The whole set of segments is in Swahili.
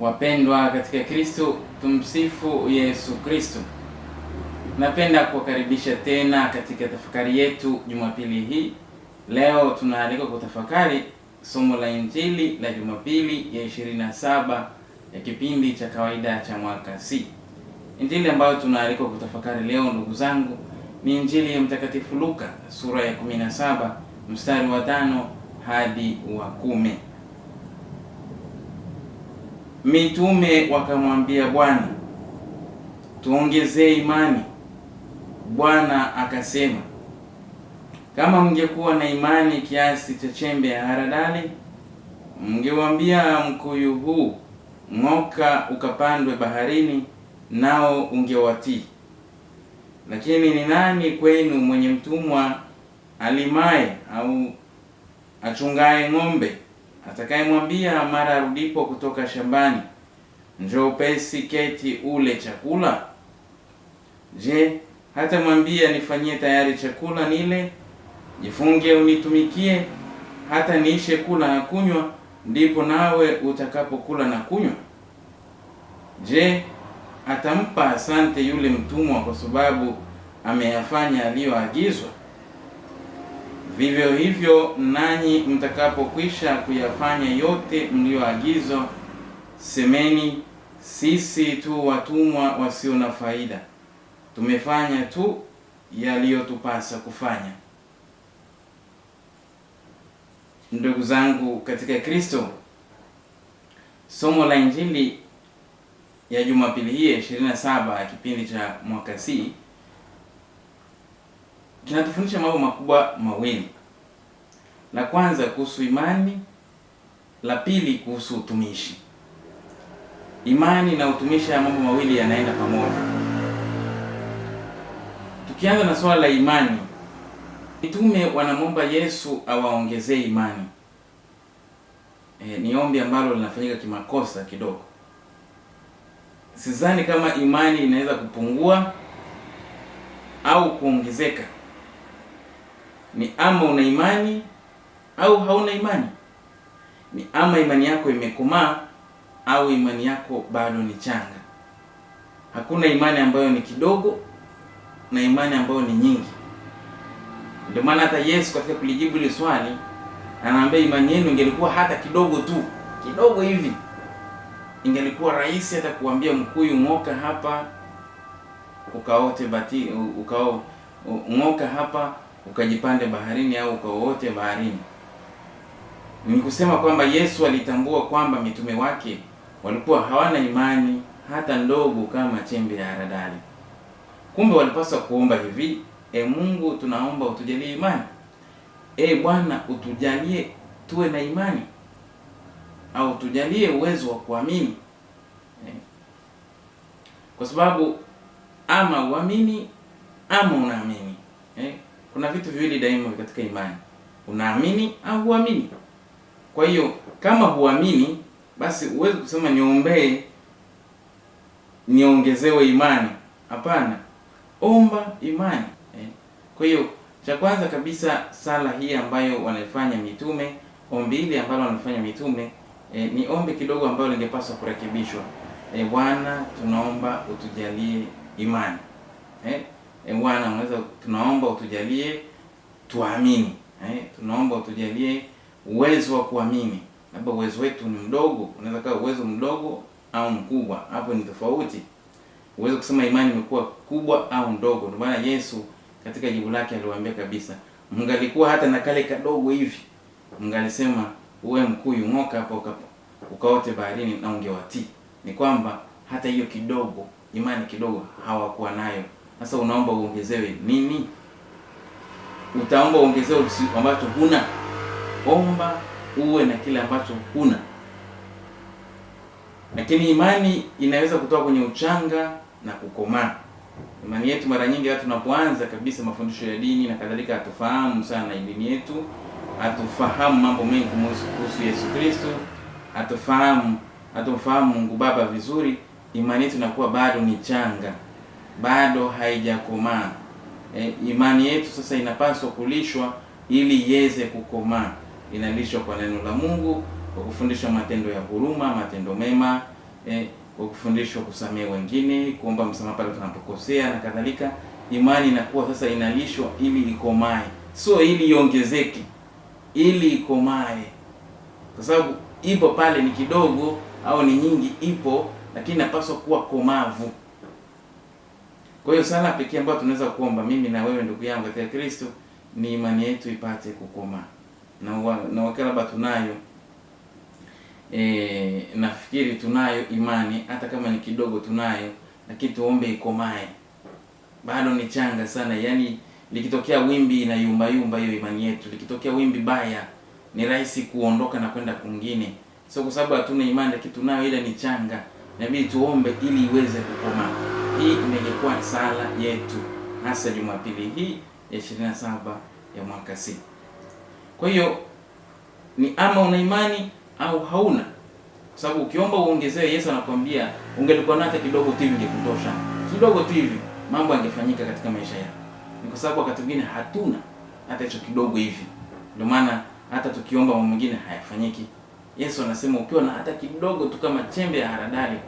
Wapendwa katika Kristo, tumsifu Yesu Kristo. Napenda kuwakaribisha tena katika tafakari yetu Jumapili hii. Leo tunaalikwa kutafakari somo la Injili la Jumapili ya 27 ya kipindi cha kawaida cha mwaka C. Injili ambayo tunaalikwa kutafakari leo, ndugu zangu, ni Injili ya Mtakatifu Luka sura ya 17 mstari wa tano hadi wa kumi. Mitume wakamwambia Bwana, tuongezee imani. Bwana akasema, kama mngekuwa na imani kiasi cha chembe ya haradali, mngewambia mkuyu huu ng'oka ukapandwe baharini, nao ungewatii. Lakini ni nani kwenu mwenye mtumwa alimaye au achungaye ng'ombe atakayemwambia mara arudipo kutoka shambani, njoo upesi keti ule chakula? Je, hatamwambia nifanyie tayari chakula nile, jifunge unitumikie, hata niishe kula na kunywa, ndipo nawe utakapokula na kunywa? Je, atampa asante yule mtumwa kwa sababu ameyafanya aliyoagizwa? Vivyo hivyo nanyi mtakapokwisha kuyafanya yote mliyoagizwa, semeni, sisi tu watumwa wasio na faida, tumefanya tu yaliyotupasa kufanya. Ndugu zangu katika Kristo, somo la injili ya Jumapili hii 27 ya kipindi cha mwaka C kinatufundisha mambo makubwa mawili. La kwanza kuhusu imani, la pili kuhusu utumishi. Imani na utumishi, ya mambo mawili yanaenda pamoja. Tukianza na swala la imani, mitume wanamwomba Yesu awaongezee imani. E, ni ombi ambalo linafanyika kimakosa kidogo. sizani kama imani inaweza kupungua au kuongezeka ni ama una imani au hauna imani, ni ama imani yako imekomaa au imani yako bado ni changa. Hakuna imani ambayo ni kidogo na imani ambayo ni nyingi. Ndio maana hata Yesu katika kulijibu ile swali anaambia, imani yenu ingelikuwa hata kidogo tu kidogo hivi, ingelikuwa rahisi hata kuambia mkuyu ng'oka hapa ukaote bati ukao ng'oka hapa ukajipande baharini au ukaote baharini. Ni kusema kwamba Yesu alitambua kwamba mitume wake walikuwa hawana imani hata ndogo kama chembe ya haradali. Kumbe walipaswa kuomba hivi: E Mungu, tunaomba utujalie imani. E Bwana, utujalie tuwe na imani au tujalie uwezo wa kuamini, eh. kwa sababu ama uamini ama unaamini. Eh kuna vitu viwili daima katika imani, unaamini au huamini. Kwa hiyo kama huamini, basi huwezi kusema niombee niongezewe imani. Hapana, omba imani eh. Kwa hiyo cha kwanza kabisa sala hii ambayo wanaifanya mitume, ombi hili ambalo wanafanya mitume e, ni ombi kidogo ambayo lingepaswa kurekebishwa. E, Bwana tunaomba utujalie imani eh. E Bwana, unaweza tunaomba utujalie tuamini eh, tunaomba utujalie uwezo wa kuamini. Labda uwezo wetu ni mdogo, unaweza kuwa uwezo mdogo au mkubwa, hapo ni tofauti. Uwezo kusema imani imekuwa kubwa au ndogo. Ndio maana Yesu katika jibu lake aliwaambia kabisa, mngalikuwa hata na kale kadogo hivi, mngalisema uwe mkuu ng'oka hapo ukaote baharini na ungewatii. Ni kwamba hata hiyo kidogo imani kidogo hawakuwa nayo. Sasa unaomba uongezewe nini? Utaomba uongezewe ambacho huna? Omba uwe na kile ambacho huna. Lakini imani inaweza kutoka kwenye uchanga na kukomaa. Imani yetu mara nyingi, hata tunapoanza kabisa mafundisho ya dini na kadhalika, hatufahamu sana dini yetu, hatufahamu mambo mengi kuhusu Yesu Kristo, hatufahamu hatufahamu Mungu Baba vizuri. Imani yetu inakuwa bado ni changa bado haijakomaa. E, imani yetu sasa inapaswa kulishwa ili iweze kukomaa. Inalishwa kwa neno la Mungu, kwa kufundishwa matendo ya huruma, matendo mema, e, kwa kufundishwa kusamehe wengine, kuomba msamaha pale tunapokosea na kadhalika. Imani inakuwa sasa inalishwa ili ikomae, sio ili iongezeke, ili ikomae, kwa sababu ipo pale, ni kidogo au ni nyingi, ipo lakini napaswa kuwa komavu. Kwa hiyo sala pekee ambayo tunaweza kuomba mimi na wewe ndugu yangu katika Kristo ni imani yetu ipate kukoma na wa, na wakati labda tunayo e, nafikiri tunayo imani hata kama ni kidogo tunayo, lakini tuombe ikomae, bado ni changa sana. Yaani likitokea wimbi na yumba yumba, hiyo imani yetu, likitokea wimbi baya, ni rahisi kuondoka na kwenda kwingine, sio kwa sababu hatuna imani, lakini tunayo, ile ni changa, inabidi tuombe ili iweze kukomaa hii imekuwa sala yetu hasa Jumapili hii ya 27 ya mwaka C. Kwa hiyo ni ama una imani au hauna, kwa sababu ukiomba uongezewe, Yesu anakuambia ungelikuwa na hata kidogo tu hivi ingekutosha, kidogo tu hivi mambo yangefanyika katika maisha yako. Ni kwa sababu wakati mwingine hatuna hata hicho kidogo hivi, ndio maana hata tukiomba mwingine hayafanyiki. Yesu anasema ukiwa na hata kidogo tu kama chembe ya haradali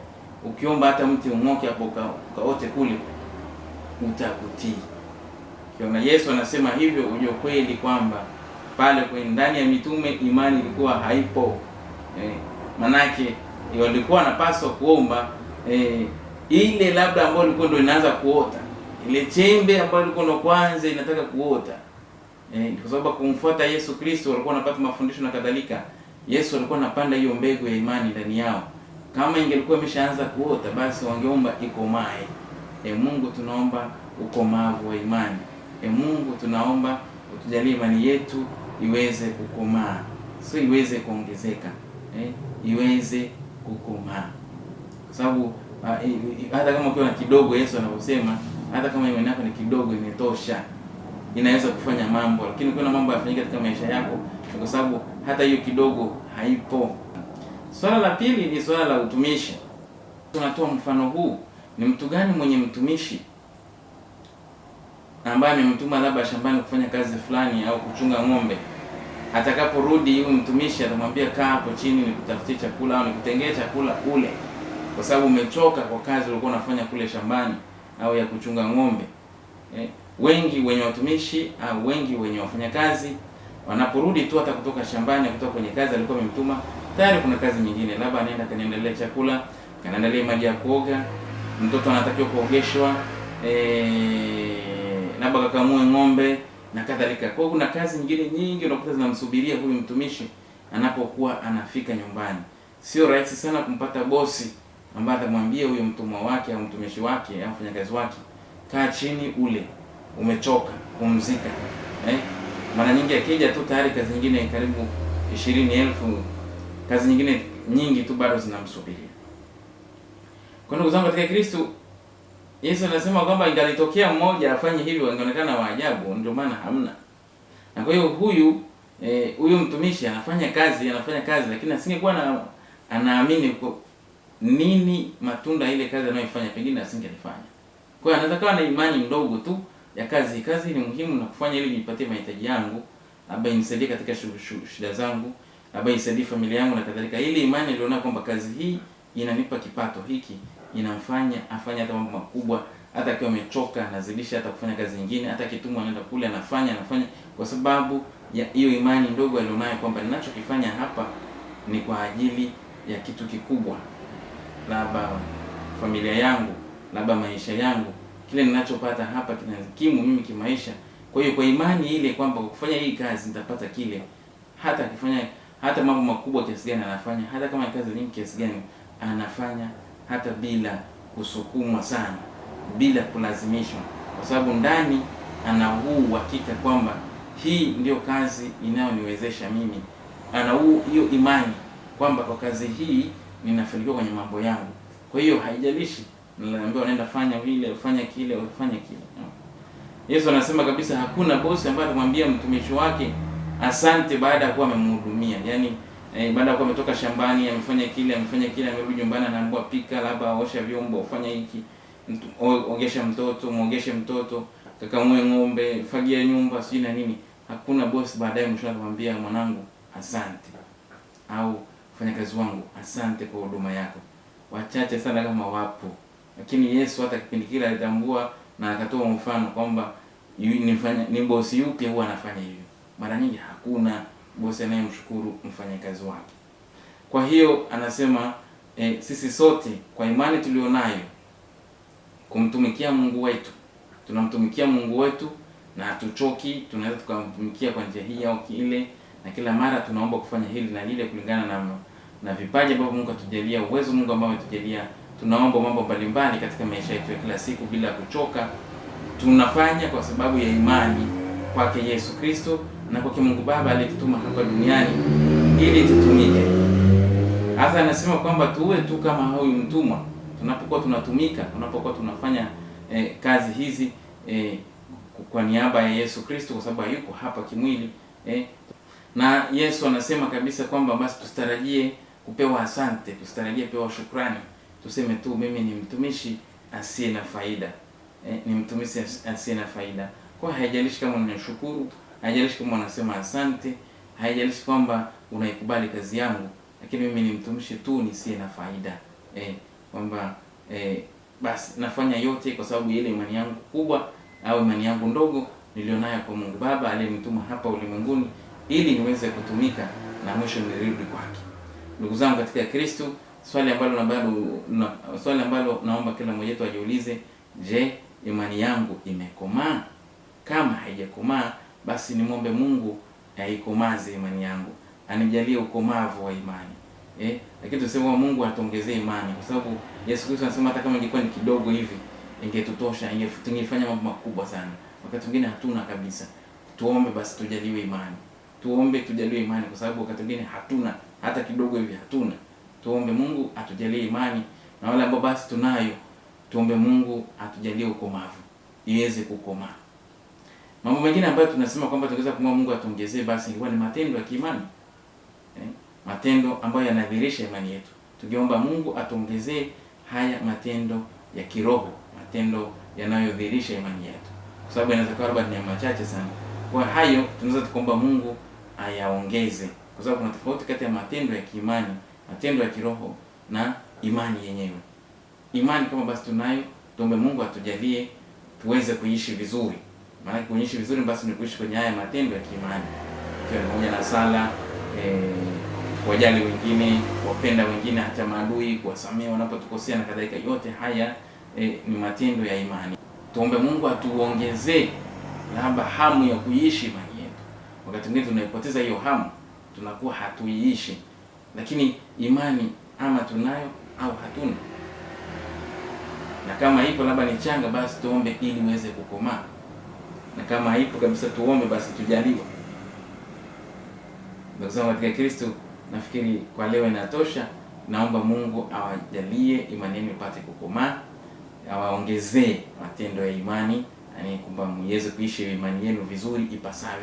ukiomba hata mti ung'oke hapo ukaote kule utakutii. Ukiona Yesu anasema hivyo, ujue kweli kwamba pale kwenye ndani ya mitume imani ilikuwa haipo eh, manake walikuwa wanapaswa kuomba eh, ile labda ambayo ilikuwa ndio inaanza kuota ile chembe ambayo ilikuwa ndio kwanza inataka kuota eh, kwa sababu kumfuata Yesu Kristo walikuwa wanapata mafundisho na kadhalika. Yesu alikuwa anapanda hiyo mbegu ya imani ndani yao. Kama ingelikuwa imeshaanza kuota, basi wangeomba ikomae. E Mungu, tunaomba ukomavu wa imani. E Mungu, tunaomba utujalie imani yetu iweze kukomaa, sio iweze kuongezeka eh, iweze kukomaa, kwa sababu hata kama ukiwa na kidogo, Yesu anaposema hata kama imani yako ni kidogo, imetosha, inaweza kufanya mambo. Lakini ukiwa mambo yafanyika katika maisha yako, kwa sababu hata hiyo kidogo haipo. Swala la pili ni swala la utumishi. Tunatoa mfano huu, ni mtu gani mwenye mtumishi ambaye amemtuma labda shambani kufanya kazi fulani au kuchunga ng'ombe, atakaporudi huyu mtumishi atamwambia kaa hapo chini, nikutafutie chakula au nikutengee chakula ule, kwa sababu umechoka kwa kazi ulikuwa unafanya kule shambani au ya kuchunga ng'ombe. Eh, wengi wenye watumishi au wengi wenye wafanyakazi wanaporudi tu hata kutoka shambani, kutoka kwenye kazi alikuwa amemtuma tayari kuna kazi nyingine, labda anaenda kaniandalia chakula, kaniandalia maji ya kuoga, mtoto anatakiwa kuogeshwa, eh, labda kakamue ng'ombe na kadhalika. Kwa hiyo kuna kazi nyingine nyingi unakuta zinamsubiria huyu mtumishi anapokuwa anafika nyumbani. Sio rahisi sana kumpata bosi ambaye atamwambia huyu mtumwa wake au mtumishi wake au mfanyakazi wake, kaa chini, ule umechoka, pumzika. Eh, mara nyingi akija tu tayari kazi nyingine karibu ishirini elfu kazi nyingine nyingi tu bado zinamsubiria. Kwa ndugu zangu katika Kristo, Yesu anasema kwamba ingalitokea mmoja afanye hivyo angeonekana wa ajabu, ndio maana hamna. Na kwa hiyo huyu eh, huyu mtumishi anafanya kazi, anafanya kazi lakini asingekuwa na anaamini huko nini matunda ile kazi anayoifanya pengine asingelifanya. Kwa hiyo anaweza kuwa na imani ndogo tu ya kazi. Kazi ni muhimu na kufanya ili nipatie mahitaji yangu, labda inisaidie katika shida zangu labda isaidie familia yangu na kadhalika. Ile imani niliona kwamba kazi hii inanipa kipato hiki, inamfanya afanye hata mambo makubwa, hata akiwa amechoka anazidisha, hata kufanya kazi nyingine, hata kitumwa anaenda kule anafanya anafanya, kwa sababu ya hiyo imani ndogo alionayo kwamba ninachokifanya hapa ni kwa ajili ya kitu kikubwa, labda familia yangu, labda maisha yangu, kile ninachopata hapa kinakimu mimi kimaisha. Kwa hiyo kwa imani ile kwamba kufanya hii kazi nitapata kile, hata akifanya hata mambo makubwa kiasi gani anafanya, hata kama kazi nyingi kiasi gani anafanya, hata bila kusukumwa sana, bila kulazimishwa, kwa sababu ndani ana huu uhakika kwamba hii ndiyo kazi inayoniwezesha mimi, ana huu hiyo imani kwamba kwa kazi hii ninafanikiwa kwenye mambo yangu. Kwa hiyo haijalishi niliambiwa unaenda fanya vile, ufanye kile, ufanye kile. Yesu anasema kabisa, hakuna bosi ambaye atamwambia mtumishi wake asante baada ya kuwa amemhudumia. Yaani eh, baada ya kuwa ametoka shambani, amefanya kile, amefanya kile, amerudi nyumbani anaambiwa pika, labda osha vyombo, fanya hiki, ogesha mtoto, muogeshe mtoto, kakamue ng'ombe, fagia nyumba, sijui na nini. Hakuna boss baadaye mwisho akamwambia mwanangu, asante. Au mfanyakazi wangu, asante kwa huduma yako. Wachache sana kama wapo. Lakini Yesu hata kipindi kile alitambua na akatoa mfano kwamba ni ni bosi yupi huwa anafanya hivyo mara nyingi hakuna bosi anayemshukuru mfanyakazi wake. Kwa hiyo anasema e, sisi sote kwa imani tulionayo kumtumikia Mungu wetu, tunamtumikia Mungu wetu na hatuchoki, tunaweza tukamtumikia kwa njia hii au ile, na kila mara tunaomba kufanya hili na lile kulingana na na vipaji ambavyo Mungu atujalia, uwezo Mungu ambao ametujalia. Tunaomba mambo mbalimbali katika maisha yetu ya kila siku bila kuchoka, tunafanya kwa sababu ya imani kwake Yesu Kristo na kwa kimungu Baba alitutuma hapa duniani ili tutumike. Hasa anasema kwamba tuwe tu kama huyu mtumwa tunapokuwa tunatumika, tunapokuwa tunafanya eh, kazi hizi eh, kwa niaba ya Yesu Kristo, kwa sababu yuko hapa kimwili eh. Na Yesu anasema kabisa kwamba basi tusitarajie kupewa asante, tusitarajie pewa shukrani, tuseme tu mimi ni mtumishi asiye na faida eh, ni mtumishi asiye na faida. Kwa haijalishi kama unashukuru haijalishi kama unasema asante, haijalishi kwamba unaikubali kazi yangu, lakini mimi nimtumishi tu nisiye na faida eh, kwamba eh, basi nafanya yote kwa sababu ile imani yangu kubwa au imani yangu ndogo nilionayo kwa Mungu Baba aliyenituma hapa ulimwenguni ili niweze kutumika na mwisho nirudi kwake. Ndugu zangu katika Kristo, swali ambalo na bado na, swali ambalo naomba kila mmoja wetu ajiulize, je, imani yangu imekomaa? Kama haijakomaa basi nimwombe Mungu aikomaze eh, ya imani yangu, anijalie ukomavu wa imani eh, lakini tuseme Mungu atuongezee imani, kwa sababu Yesu Kristo anasema hata kama ingekuwa ni kidogo hivi ingetutosha, ingefanya mambo makubwa sana. Wakati mwingine hatuna kabisa, tuombe basi tujaliwe imani, tuombe tujaliwe imani, kwa sababu wakati mwingine hatuna hata kidogo hivi, hatuna. Tuombe Mungu atujalie imani, na wale ambao basi tunayo tuombe Mungu atujalie ukomavu iweze kukomaa. Mambo mengine ambayo tunasema kwamba tungeweza kumwomba Mungu atuongezee, basi ilikuwa ni matendo ya kiimani eh, matendo ambayo yanadhihirisha imani yetu. Tungeomba Mungu atuongezee haya matendo ya kiroho, matendo yanayodhihirisha imani yetu, kwa sababu inaweza kuwa ni machache sana. Kwa hayo tunaweza tukomba Mungu ayaongeze, kwa sababu kuna tofauti kati ya matendo ya kiimani, matendo ya kiroho na imani yenyewe. Imani kama basi tunayo, tuombe Mungu atujalie tuweze kuishi vizuri maana kuonyesha vizuri basi ni kuishi kwenye haya matendo ya kiimani, ikiwa ni pamoja na sala e, kuwajali wengine, kuwapenda wengine, hata maadui, kuwasamea wanapotukosea na kadhalika. Yote haya e, ni matendo ya imani. Tuombe Mungu atuongezee labda hamu ya kuiishi imani yetu. Wakati mwingine tunaipoteza hiyo hamu, tunakuwa hatuiishi, lakini imani ama tunayo au hatuna, na kama ipo labda ni changa, basi tuombe ili iweze kukomaa na kama haipo kabisa tuombe basi tujaliwa. Ndugu zangu katika Kristo, nafikiri kwa leo inatosha. Naomba Mungu awajalie imani yenu ipate kukomaa, awaongezee matendo ya imani, yaani kwamba muweze kuishi imani yenu vizuri ipasavyo.